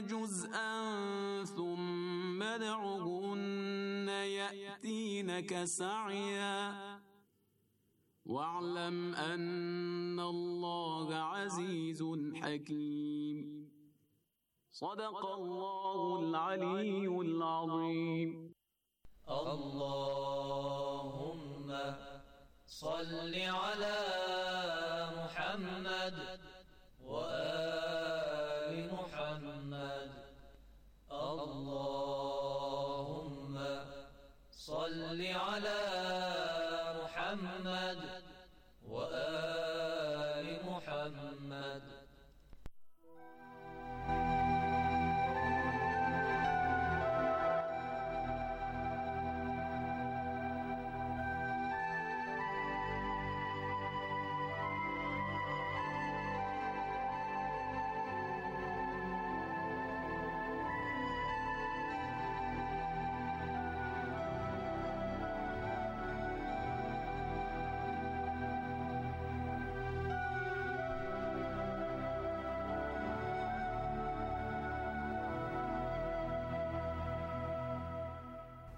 جزءا ثم دعهن يأتينك سعيا واعلم أن الله عزيز حكيم صدق الله العلي العظيم اللهم صل على محمد صل على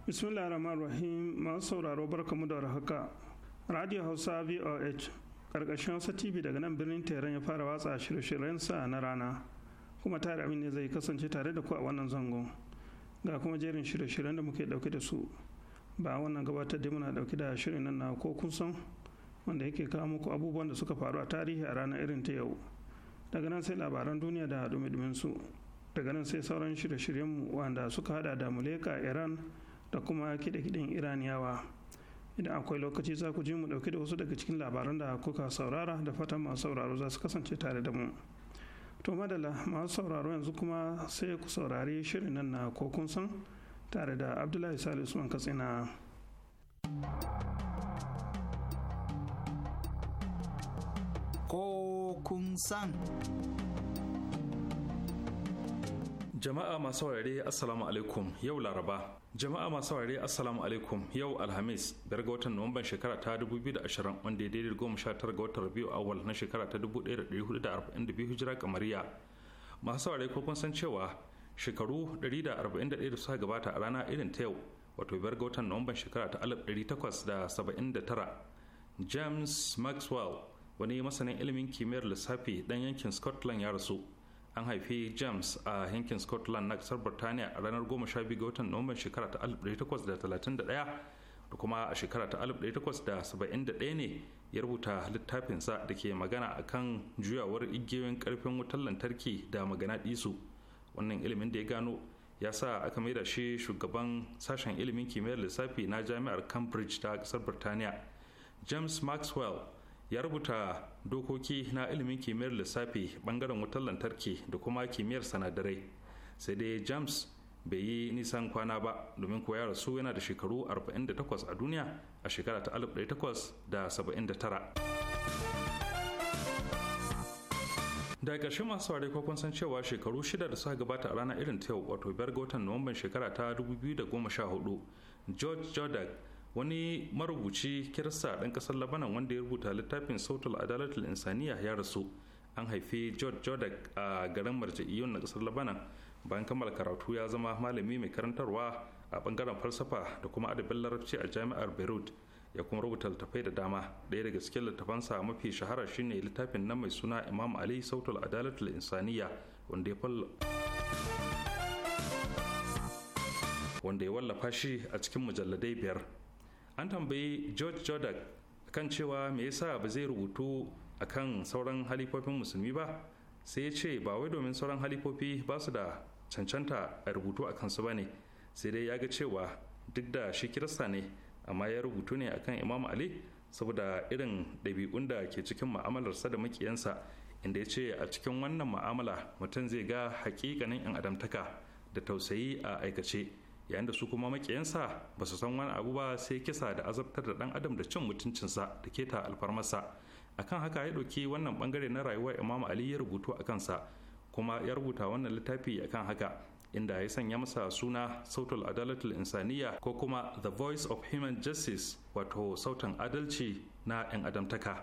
bismillah rahman rahim masu sauraro barkamu da haka radio hausa voh karkashin Hausa tv daga nan birnin teran ya fara watsa shirye shiryen sa na rana kuma tare amin ne zai kasance tare da ku a wannan zangon ga kuma jerin shirye-shiryen da muke dauke da su ba wannan gabatar da muna dauke da shirin nan na ko kun san wanda yake kawo muku abubuwan da suka faru a tarihi a ranar irin ta yau daga nan sai labaran duniya da dumi su daga nan sai sauran shirye-shiryenmu wanda suka hada da muleka iran da kuma kiɗe-kiɗen iraniyawa idan akwai lokaci za ku ji mu ɗauki da wasu daga cikin labaran da kuka saurara da fatan masu sauraro za su kasance tare da mu to madala masu sauraro yanzu kuma sai ku saurari shirin nan na ko kun san tare da abdullahi salisu usman katsina ko san jama'a masu saurare assalamu alaikum yau laraba jama'a masu saurare assalamu alaikum yau alhamis biyar ga watan nuwamban shekara ta 2020 wanda ya daidai goma sha tara ga watan rabiu awal na shekara ta 1442 hijira kamariya masu saurare ko kun san cewa shekaru 141 da suka gabata a rana irin ta yau wato biyar ga watan nuwamban shekara ta 1879 james maxwell wani masanin ilimin kimiyyar lissafi dan yankin scotland ya rasu an haifi james a yankin scotland na kasar birtaniya a ranar 12 ga watan noman shekara ta 1831 da kuma a shekara ta 1871 ne ya rubuta littafinsa da ke magana akan juyawar igiyoyin karfin wutar lantarki da magana ɗisu wannan ilimin da ya gano ya sa aka maida shi shugaban sashen ilimin kimiyyar lissafi na jami'ar cambridge ta kasar birtaniya james maxwell ya rubuta dokoki na ilimin kimiyyar lissafi bangaren wutar lantarki da kuma kimiyyar sanadarai sai dai james bai yi nisan kwana ba domin kuwa ya rasu yana da shekaru 48 a duniya a shekara ta 1879 daga ƙarshe masu saurari ko kun san cewa shekaru shida da suka gabata a ranar irin ta yau wato biyar ga watan nuwamban shekara ta 2014 george jordan wani marubuci kirista ɗan ƙasar labanan wanda ya rubuta littafin sautul adalatul insaniya ya rasu an haifi george jordak a garin marja'iyun na ƙasar labanan bayan kammala karatu ya zama malami mai karantarwa a bangaren falsafa da kuma adabin larabci a jami'ar beirut ya kuma rubuta littafai da dama ɗaya daga cikin littafansa mafi shahara shine littafin na mai suna imam ali sautul adalatul insaniya wanda ya wanda ya wallafa shi a cikin mujalladai biyar an tambayi george jordan kan cewa me yasa ba zai rubutu akan sauran halifofin musulmi ba sai ya ce ba wai domin sauran halifofi ba su da cancanta a rubutu a kansu ba ne sai dai ya ga cewa duk da shi kirista ne amma ya rubutu ne akan imam ali saboda irin ɗabi'un da ke cikin ma'amalarsa da makiyansa inda ya ce a cikin wannan ma'amala mutum zai ga hakikanin 'yan adamtaka da tausayi a aikace yayin da su kuma makiyansa ba su san wani abu ba sai kisa da azabtar da dan adam da cin mutuncinsa da keta alfarmarsa akan haka ya ɗauki wannan bangare na rayuwar imam ali ya rubutu a kansa kuma ya rubuta wannan littafi akan haka inda ya sanya masa suna sautul adalatul insaniya ko kuma the voice of human justice wato sautan adalci na 'yan adamtaka.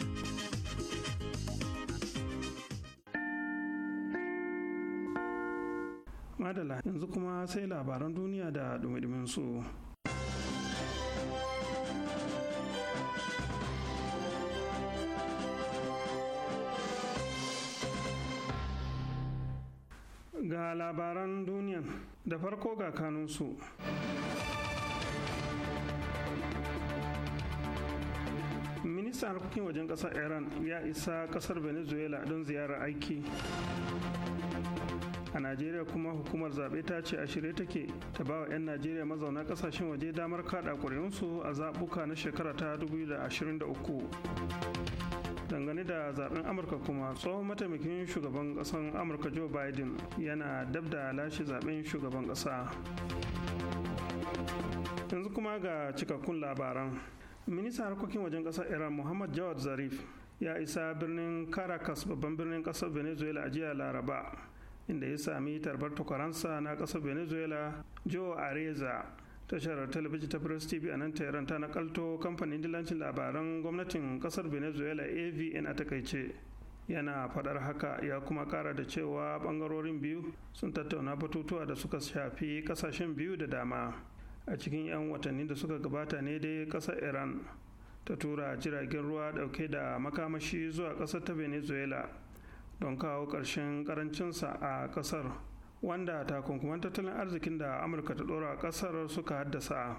Madala yanzu kuma sai labaran duniya da dumi su. Ga labaran duniya da farko ga kanunsu. Ministan harkokin wajen ƙasar Iran ya isa ƙasar Venezuela don ziyarar aiki. a najeriya kuma hukumar zaɓe ta ce a shirye take ta ba wa 'yan najeriya mazauna ƙasashen waje damar kaɗa ƙuri'unsu a zaɓuka na shekara ta 2023 dangane da zaɓen amurka kuma tsohon mataimakin shugaban ƙasan amurka joe biden yana dab da lashe zaɓen shugaban ƙasa yanzu kuma ga cikakkun labaran ministan harkokin wajen ƙasar iran muhammad jawad zarif ya isa birnin caracas babban birnin ƙasar venezuela a jiya laraba inda ya sami tarbar tukaransa na ƙasar venezuela joe areza tashar talabijin ta press tv a nan tehran ta nakalto kamfanin dillancin labaran gwamnatin ƙasar venezuela avn a takaice yana faɗar haka ya kuma ƙara da cewa ɓangarorin biyu sun tattauna batutuwa da suka shafi ƙasashen biyu da dama a cikin 'yan watanni da suka gabata ne dai ƙasar iran ta tura jiragen ruwa ɗauke da makamashi zuwa ƙasar ta venezuela don kawo ƙarshen ƙarancinsa a ƙasar wanda takunkuman tattalin arzikin da amurka ta ɗora a ƙasar suka haddasa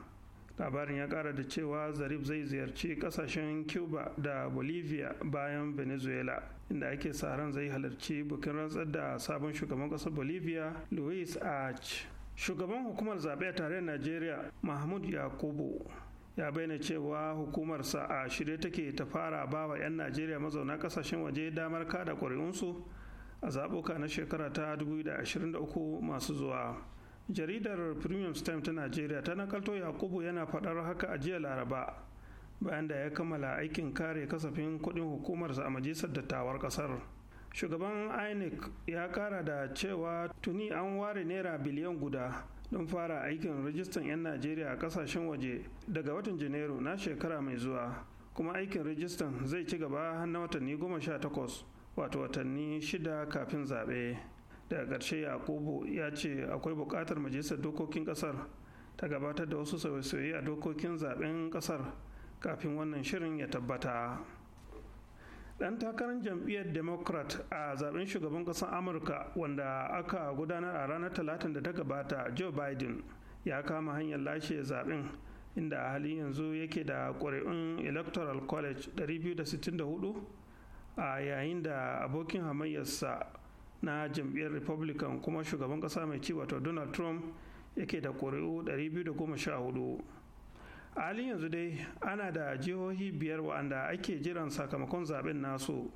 labarin ya ƙara da cewa zarif zai ziyarci ƙasashen cuba da bolivia bayan venezuela inda ake sa ran zai halarci bukin rantsar da sabon shugaban ƙasar bolivia luis arch shugaban hukumar zaɓe a tarayyar najeriya mahmud yakubu ya bayyana cewa hukumarsa a shirye take ta fara ba wa 'yan najeriya mazauna kasashen waje damar kada ƙuri'unsu a zaɓuka na shekara ta 2023 masu zuwa jaridar premium stem ta najeriya ta nakalto yakubu yana faɗar haka a jiya laraba bayan da ya kammala aikin kare kasafin kuɗin hukumarsa a majalisar dattawar ƙasar shugaban inec ya ƙara da cewa tuni an ware naira biliyan guda don fara aikin rajistan 'yan najeriya a kasashen waje daga watan janairu na shekara mai zuwa kuma aikin rijistan zai ci gaba na watanni goma sha takwas wato watanni shida kafin zaɓe daga ƙarshe yakubu ya ce akwai buƙatar majalisar dokokin ƙasar ta gabatar da wasu sauye-sauye a dokokin zaɓen ƙasar kafin wannan shirin ya tabbata. dan takarar jam'iyyar democrat a zaben shugaban ƙasar amurka wanda aka gudanar a ranar talatin da ta gabata joe biden ya kama hanyar lashe zaben inda a halin yanzu yake da ƙuri'un electoral college 264 a yayin da abokin hamayyarsa na jam'iyyar republican kuma shugaban ƙasa mai ci wato donald trump yake da ƙuri'u 214 halin yanzu dai ana da jihohi biyar wa'anda ake jiran sakamakon zaben nasu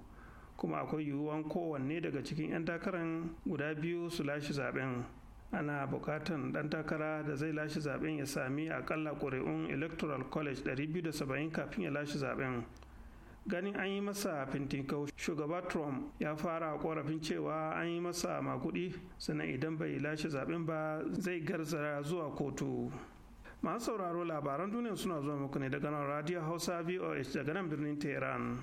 kuma akwai yiwuwan kowanne daga cikin 'yan takarar guda biyu su lashe zaben ana bukatan dan takara da zai lashe zaben ya sami akalla ƙuri'un electoral college 270 kafin ya lashe zaben ganin an yi masa fintinkau shugaba trump ya fara korafin cewa an yi masa makudi sannan idan bai lashe zaben ba zai garzara zuwa kotu. masu sauraro labaran duniya suna zuwa muku ne daga nan radio hausa voh daga nan birnin tehran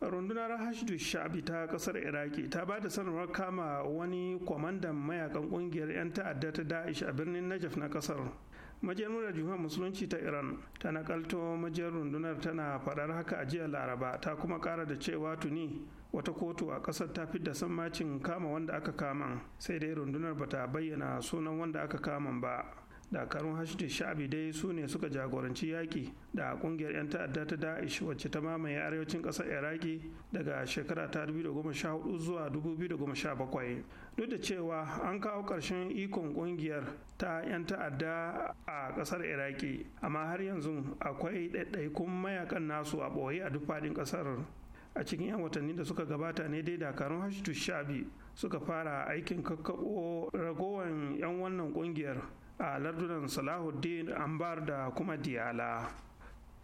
rundunar hashdu sha'abi ta kasar iraki ta ba da sanarwar kama wani kwamandan mayakan kungiyar 'yan ta'adda ta da'ish a birnin najaf na kasar majiyar murar jihar musulunci ta iran ta nakalto majiyar rundunar tana faɗar haka a jiya laraba ta kuma ƙara da cewa tuni wata kotu a ƙasar ta fi fidda sammacin kama wanda aka kaman, sai dai rundunar bata bayyana sunan wanda aka kama ba dakarun hashdi sha'abi dai su ne suka jagoranci yaƙi da ƙungiyar 'yan ta'adda ta da'ish wacce ta mamaye arewacin ƙasar iraki daga shekara ta 2014 zuwa 2017 duk da cewa an kawo ƙarshen ikon ƙungiyar ta 'yan ta'adda a ƙasar iraki amma har yanzu akwai ɗaiɗaikun mayakan nasu a ɓoye a duk faɗin ƙasar a cikin 'yan watanni da suka gabata ne dai dakarun hashdu sha'abi suka fara aikin kakkaɓo ragowar 'yan wannan ƙungiyar a lardunan salahuddin ambar da kuma diyala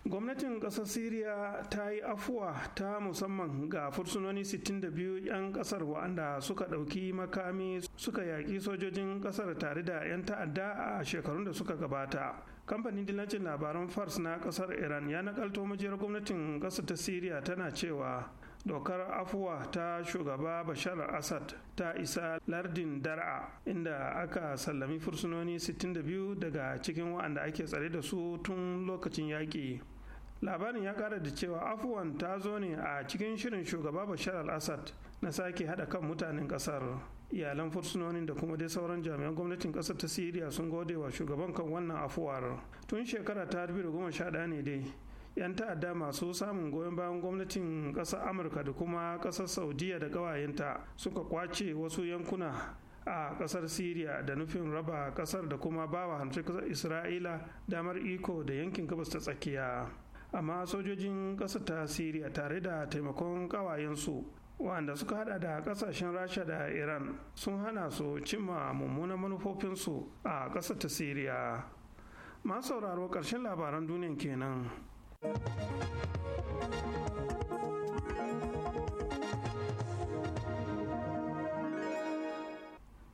gwamnatin kasar syria ta yi afuwa ta musamman ga fursunoni 62 'yan kasar wa'anda suka ɗauki makami suka yaƙi sojojin kasar tare da 'yan ta'adda a shekarun da suka gabata kamfanin dillancin labaran fars na kasar iran ya nakalto majiyar gwamnatin kasar ta syria tana cewa dokar afuwa ta shugaba bashar Asad ta isa lardin dar'a inda aka sallami fursunoni 62 daga cikin waɗanda ake tsare da su tun lokacin yaƙi labarin ya ƙara da cewa afuwan ta zo ne a cikin shirin shugaba bashar al na sake haɗa kan mutanen ƙasar iyalan fursunonin da kuma dai sauran jami'an gwamnatin ƙasar ta siriya sun gode wa shugaban kan wannan afuwar tun shekara ta 2011 ne dai 'yan ta'adda masu samun goyon bayan gwamnatin ƙasar amurka da kuma ƙasar saudiya da ƙawayenta suka kwace wasu yankuna a ƙasar syria da nufin raba ƙasar da kuma bawa hamsin ƙasar isra'ila damar iko da yankin gabas ta tsakiya amma sojojin ƙasar ta syria tare da taimakon ƙawayensu wanda suka hada da ƙasashen rasha da iran sun hana su cimma mummunan manufofinsu a ƙasar ta siriya masu sauraro ƙarshen labaran duniyan kenan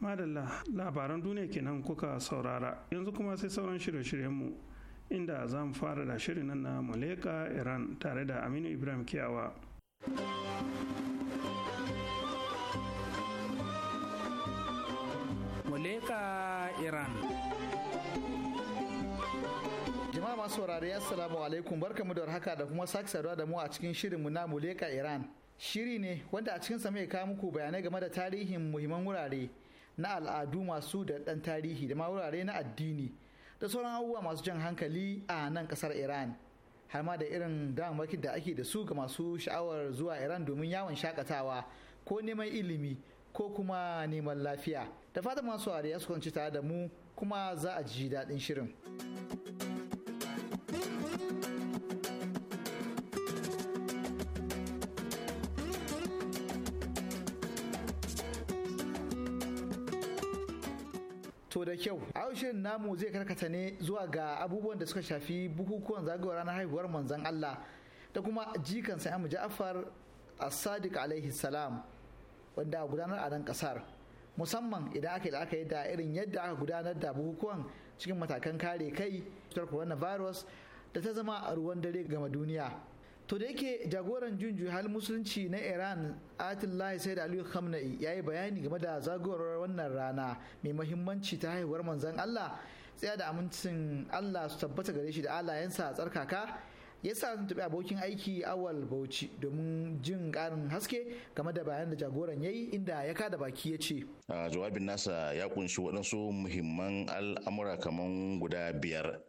madalla labaran duniya kenan kuka saurara yanzu kuma sai sauran shirye-shiryenmu inda za mu fara da shirin nan na muleka iran tare da aminu ibrahim kiyawa muleka iran masu saurare assalamu alaikum barkamu da haka da kuma sake saduwa da mu a cikin shirinmu na Muleka Iran. Shiri ne wanda a cikin cikinsa mai kawo muku bayanai game da tarihin muhimman wurare na al'adu masu da dan tarihi da ma wurare na addini da sauran abubuwa masu jan hankali a nan kasar Iran. Har ma da irin damarmakin da ake da su ga masu sha'awar zuwa Iran domin yawon shakatawa ko neman ilimi ko kuma neman lafiya. Da fatan masu saurare ya su tare da mu kuma za a ji daɗin shirin. To da kyau, a shirin namu zai karkata ne zuwa ga abubuwan da suka shafi bukukuwan zagayowar ranar haihuwar manzon Allah da kuma jikan sai Amu Ja'far As-Sadiq alaihi salam wanda gudanar a nan kasar. Musamman idan aka yi aka da irin yadda aka gudanar da bukukuwan cikin matakan kare kai cutar coronavirus da ta zama a ruwan dare gama duniya. to da yake jagoran junju hal musulunci na iran atillahi sai da aliyu khamenei ya yi bayani game da zagorowar wannan rana mai mahimmanci ta haihuwar manzan allah tsaya da amincin allah su tabbata gare shi da alayensa a tsarkaka ya sa sun tafi abokin aiki awal bauchi domin jin karin haske game da bayan da jagoran ya yi inda ya kada baki ya ce jawabin nasa ya kunshi waɗansu muhimman al'amura kamar guda biyar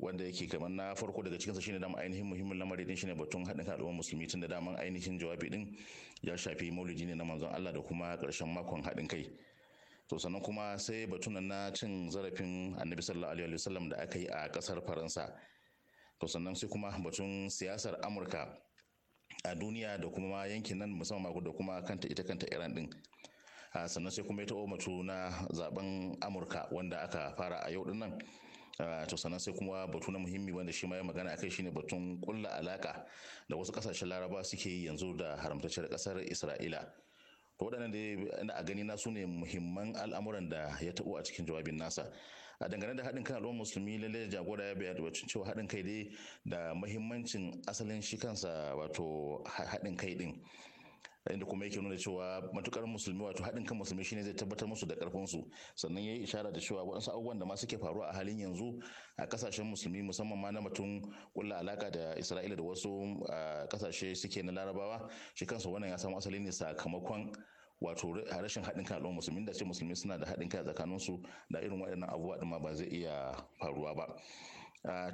wanda yake kamar na farko daga cikinsa shine dama ainihin muhimmin lamari din shine batun haɗin kan al'ummar musulmi tun da daman ainihin jawabi din ya shafi maulidi ne na manzon Allah da kuma ƙarshen makon haɗin kai to sannan kuma sai batun na cin zarafin annabi sallallahu alaihi wasallam da aka yi a ƙasar faransa to sannan sai kuma batun siyasar amurka a duniya da kuma yankin nan musamman da kuma kanta ita kanta iran din sannan sai kuma ita omatu na zaben amurka wanda aka fara a yau din nan to sannan sai kuma batu na muhimmi wanda shi ma ya magana akai shine batun kulla alaka da wasu kasashen laraba suke yi yanzu da haramtacciyar kasar isra'ila to waɗannan da a gani na su ne muhimman al'amuran da ya taɓo a cikin jawabin nasa a dangane da haɗin kan al'ummar musulmi lalle jagora ya bayyana da cewa haɗin kai dai da mahimmancin asalin shi kansa wato haɗin kai ɗin inda kuma yake nuna cewa matukar musulmi wato haɗin kan musulmi shine zai tabbatar musu da karfin su ya yi ishara da cewa waɗansu abubuwan da ma suke faruwa a halin yanzu a kasashen musulmi musamman ma na mutum ƙulla alaka da Isra'ila da wasu kasashe suke na Larabawa shi kansa wannan ya samu asali ne sakamakon wato rashin haɗin kan al'umma musulmi da ce musulmi suna da haɗin kai a tsakaninsu da irin waɗannan abubuwa ɗin ma ba zai iya faruwa ba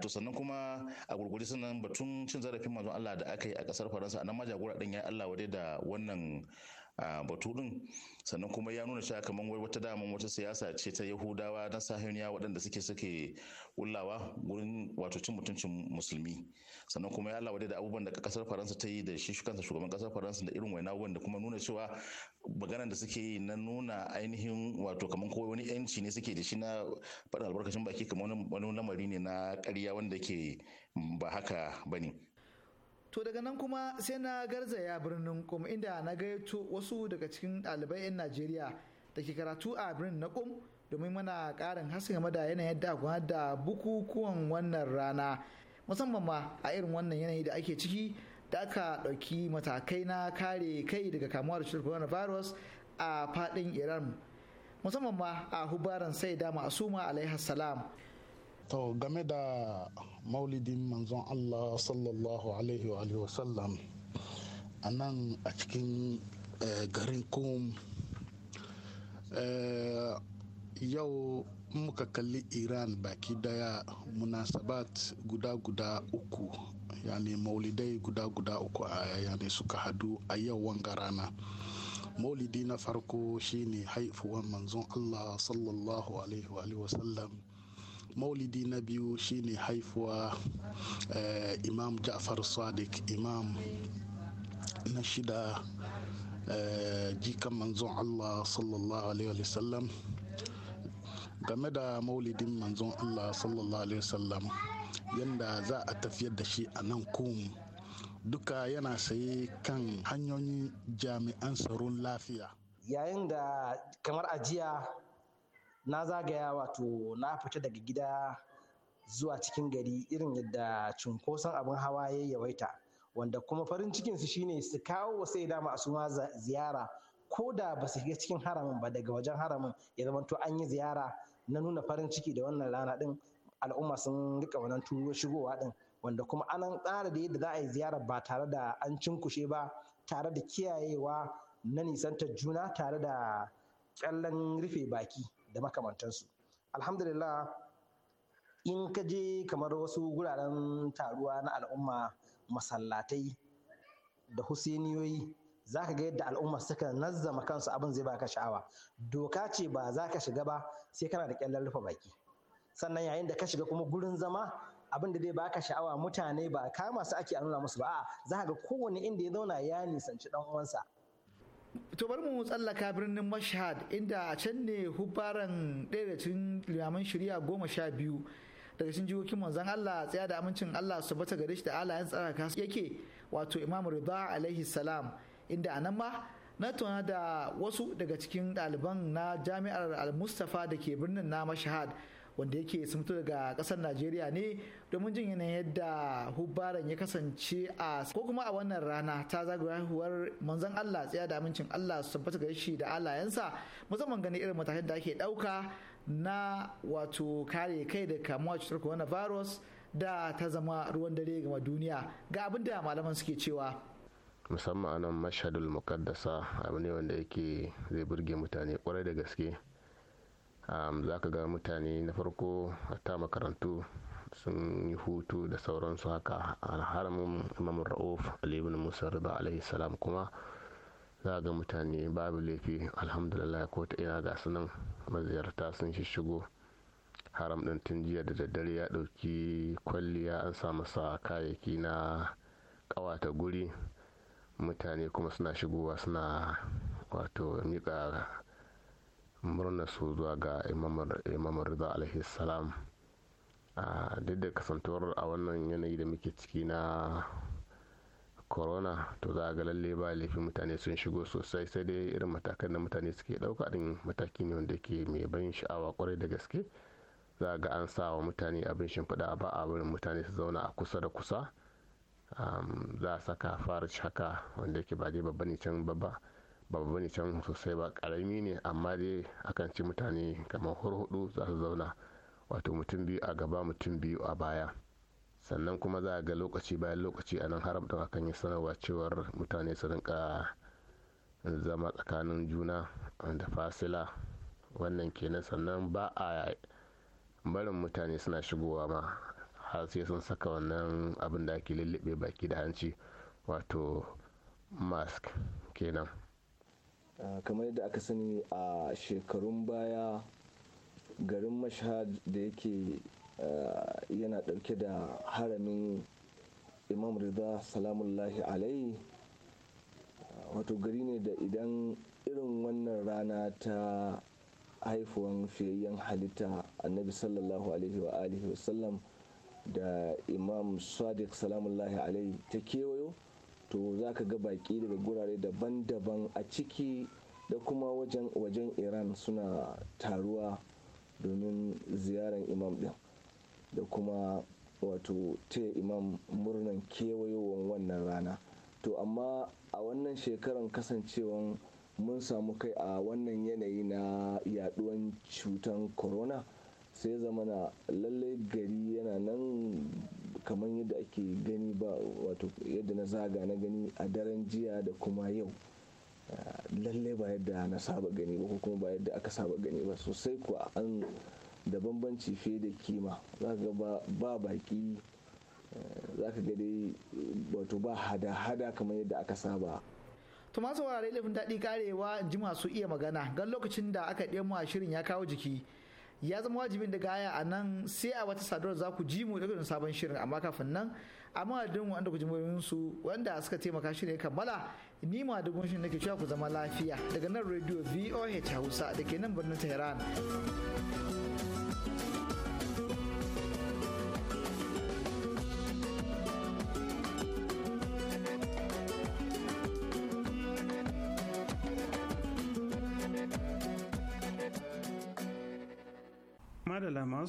to sannan kuma a gurguje sannan batun cin zarafin manzon Allah da aka yi a ƙasar Faransa nan ma jagora din ya Allah wade da wannan a batu din sannan kuma ya nuna cewa kamar wai wata daman wata siyasa ce ta yahudawa na sahiyoniya waɗanda suke suke wullawa wurin wato cin mutuncin musulmi sannan kuma ya lawa da abubuwan da kasar faransa ta yi da shi kansa shugaban kasar faransa da irin waina wanda kuma nuna cewa maganar da suke yi na nuna ainihin wato kamar kowai wani yanci ne suke da shi na faɗin albarkacin baki kamar wani lamari ne na ƙarya wanda ke ba haka ba ne. to daga nan kuma sai na garzaya birnin kum inda na gayyato wasu daga cikin ɗalibai 'yan najeriya da ke karatu a birnin na kum domin mana karin hasken game da yanayin yadda aka da bukukuwan wannan rana musamman ma a irin wannan yanayi da ake ciki da aka ɗauki matakai na kare kai daga kamuwa da cutar coronavirus a faɗin iran musamman ma a hubaran sai da ma alaihassalam salam to game da maulidin manzon allah sallallahu alaihi wa sallam a nan a cikin eh, garin kum eh, yau muka kalli iran baki daya munasabat guda-guda uku yani maulidai guda-guda uku a yani suka hadu a yau wanga rana maulidi na farko shine haifuwan manzon allah sallallahu alaihi wa sallam maulidi na biyu shine haifuwa eh, imam ja'far sadiq imam na shida eh, jikan manzon allah sallallahu alaihi wasallam game da maulidin manzon allah sallallahu alaihi wasallam yadda za a tafiyar da shi a nan kum duka yana saye kan hanyoyin jami'an tsaron lafiya yayin da kamar ajiya na zagaya wato na fita daga gida zuwa cikin gari irin yadda cunkoson abin hawa ya yawaita wanda kuma farin cikinsu shine su kawo wasu ya dama a suma ziyara ko da ba su cikin haramin ba daga wajen haramin ya zama to an yi ziyara na nuna farin ciki da wannan rana din al'umma sun rika wannan tuwo shigowa din wanda kuma anan tsara da yadda za a yi ziyara ba tare da an cinkushe ba tare da kiyayewa na nisantar juna tare da kyallan rufe baki da makamantansu alhamdulillah in ka je kamar wasu guraren taruwa na al'umma masallatai da husiniyoyi za ka ga yadda al'umma suka nazzama kansu abin zai baka sha'awa doka ce ba za ka shiga ba sai kana da kyallar rufe baki sannan yayin da ka shiga kuma gurin zama abin da zai baka sha'awa mutane ba kama su ake nuna musu ba za ka ga kowane inda ya zauna ya nisanci dan uwansa to bari mu tsallaka birnin mashhad inda a can ne Hubaran ɗaya da cikin limaman shari'a goma sha biyu daga cikin jihohin manzon Allah tsaya da amincin Allah su bata gare shi da alayen tsaraka yake wato Imam Rida alaihi salam inda nan ma na tona da wasu daga cikin ɗaliban na jami'ar al-Mustafa da ke birnin na mashahad wanda yake sun fito daga kasar najeriya ne domin jin yanayin yadda hubbaran ya kasance a ko kuma a wannan rana ta zagaya haihuwar manzon allah tsaya da amincin allah su tabbata da shi da alayensa musamman ganin irin matakan da ake dauka na wato kare kai da kamuwa cutar coronavirus da ta zama ruwan dare ga duniya ga abin da malaman suke cewa musamman anan mashhadul mukaddasa abu ne wanda yake zai burge mutane kwarai da gaske za ka ga mutane na farko ta makarantu sun yi hutu da sauransu haka alharamin imam ra'uf alibin musa riba alaihi salam kuma za ga mutane babu laifi alhamdulillah ko ta ina ga sunan maziyarta sun shigo haram din tun jiya da daddare ya ɗauki kwalliya an sa masa kayayyaki na kawata guri mutane kuma suna shigowa suna wato miƙa murna su zuwa ga imam rida alaihi salam duk da kasantuwar a wannan yanayi da muke ciki na corona to za ga lalle ba laifin mutane sun shigo sosai sai dai irin matakan da mutane suke ɗauka din mataki ne wanda ke mai ban sha'awa kwarai da gaske za ga an sa wa mutane abin shimfiɗa ba a barin mutane su zauna a kusa da kusa za a saka farish haka wanda ke ba dai babba ne can babba baba babba can sosai ba karami ne amma dai akan ci mutane kamar hurhudu za su zauna wato mutum biyu a gaba mutum biyu a baya sannan kuma za a ga lokaci bayan lokaci a nan haramta akan yi sanarwa cewar mutane su rinka zama tsakanin juna da fasila wannan kenan sannan ba a barin mutane suna shigowa ma har sai sun saka wannan abin da ake lullube baki da hanci wato mask kenan Ah, kamar yadda aka sani a shekarun baya garin mashhad da yake ah, yana ɗauke da haramin imam rida salamullahi alai ah, wato gari ne da idan irin wannan rana ta haifuwan fiyayyen halitta annabi sallallahu alaihi wa alihi wasallam da imam sadiq salamullahi alai ta kewayo to za ka ga baki daga gurare daban-daban a ciki da kuma wajen wajen iran suna taruwa domin ziyarar imam din da kuma wato taya imam murnan kewayowar wannan rana to amma a wannan shekarar kasancewan mun samu kai a wannan yanayi na yaduwan cutan corona sai zamana lallai gari yana nan kamar yadda ake gani ba wato yadda na zaga na gani a daren jiya da kuma yau ah, lalle ba yadda na saba gani ba ko kuma ba yadda aka saba gani ba sosai kuwa an da bambanci fiye da kima za ka ga ba baki eh, za ka ga dai wato ba hada-hada kamar yadda aka saba to masu wurare laifin daɗi karewa ji masu iya magana gan lokacin da aka ɗemu a shirin ya kawo jiki ya zama wajibin daga gaya a nan sai a wata sadar za ku ji mu daga sabon shirin amma kafin nan a madadin wanda ku ji su wanda suka taimaka shi ne kammala ni ma da gunshin nake cewa ku zama lafiya daga nan radio voh hausa da ke nan birnin tehran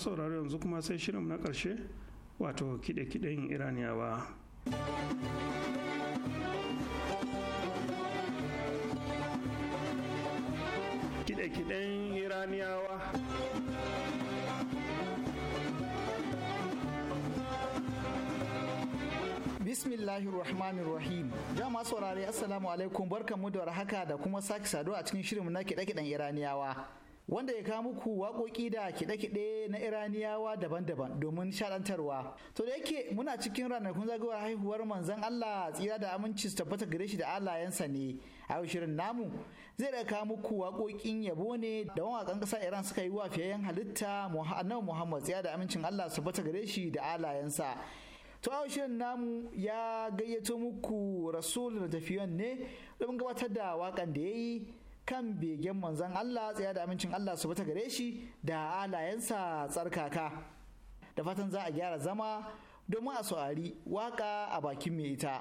masu sauraro yanzu kuma sai shirin na ƙarshe wato kiɗe-kiɗen iraniyawa kiɗe-kiɗen iraniyawa Bismillahir Rahmanir Rahim. Jama'a saurare Assalamu alaikum barkanmu da warhaka da kuma sake saduwa a cikin shirin na kiɗe-kiɗen Iraniyawa. wanda ya kawo muku waƙoƙi da kiɗe-kiɗe na iraniyawa daban-daban domin shaɗantarwa to da yake muna cikin ranakun zagayowar haihuwar manzon allah tsira da aminci su tabbata gare shi da alayensa ne a yau shirin namu zai da kawo muku waƙoƙin yabo ne da mawaƙan ƙasa iran suka yi wa fiyayyen halitta annabi muhammad tsira da amincin allah su tabbata gare shi da alayensa to a shirin namu ya gayyato muku rasul da tafiyan ne domin gabatar da waƙan da ya yi kan begen manzon Allah tsaya da amincin Allah su bata gare shi da alayensa tsarkaka da fatan za a gyara zama domin a saurari waka a bakin mai ita.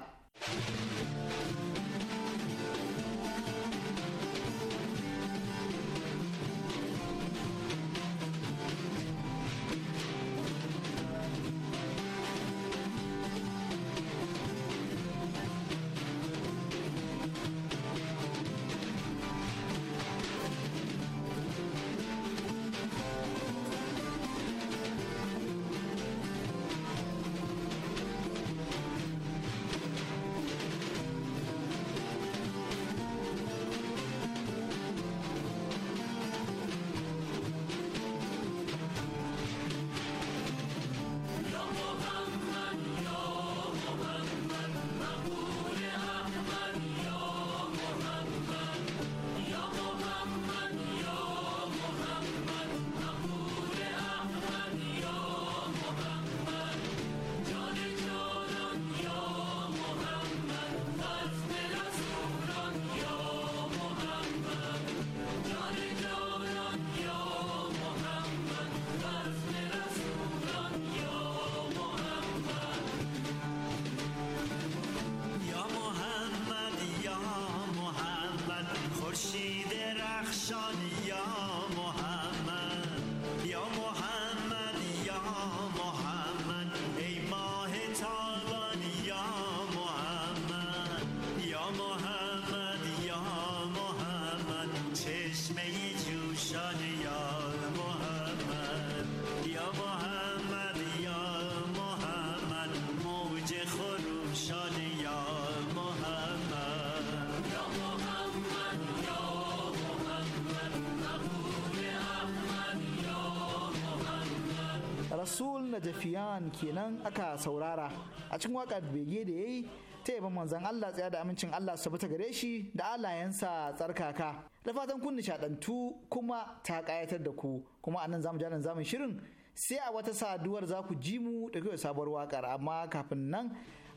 rasul jafiyan kenan aka saurara a cikin waƙar bege da ya yi ta manzan Allah tsaya da amincin Allah su ta gare shi da alayensa tsarkaka da fatan kun nishadantu kuma ta kayatar da ku kuma anan zamu jalan zamun shirin sai a wata saduwar za ku ji mu da kai sabuwar waƙar amma kafin nan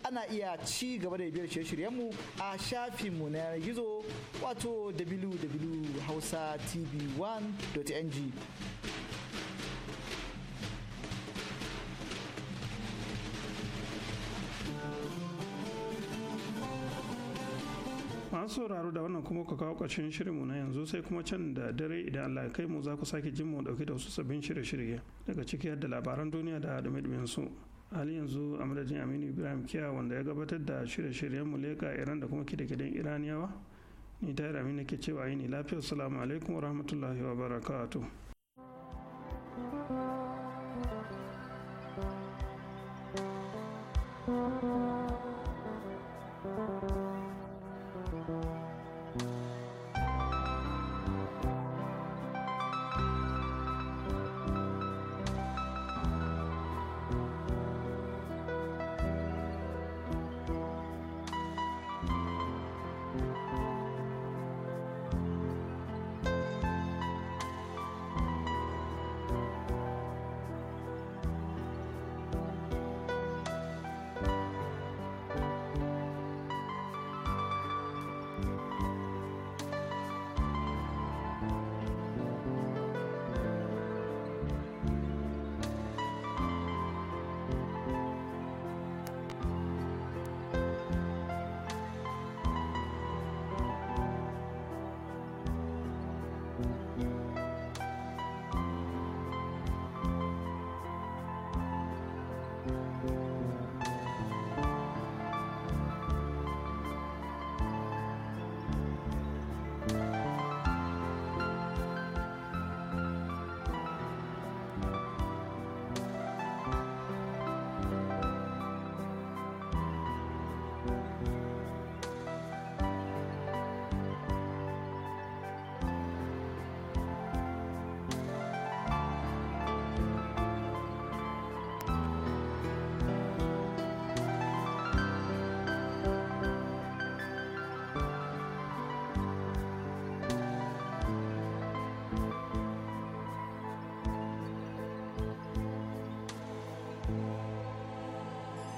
ana iya ci gaba da biyar shirye shiryen mu a shafin mu na gizo wato tv 1ng masu sauraro da wannan kuma ka kawo ƙarshen shirinmu na yanzu sai kuma can da dare idan Allah ya kai mu za ku sake jin mu dauke da wasu sabbin shirye-shirye daga ciki da labaran duniya da dumi su hali yanzu a madadin Aminu Ibrahim Kiya wanda ya gabatar da shirye-shiryen mu leka Iran da kuma kidakidan Iraniyawa ni tayar Aminu ke cewa ni lafiya salamu alaikum wa rahmatullahi wa barakatu.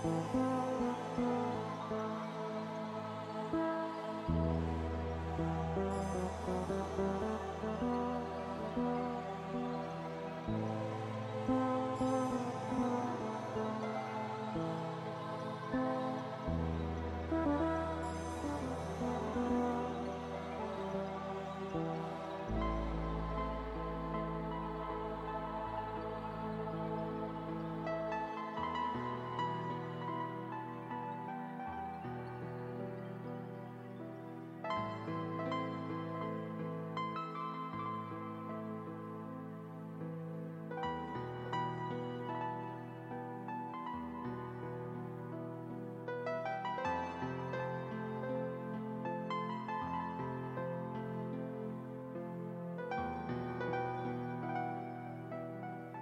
Música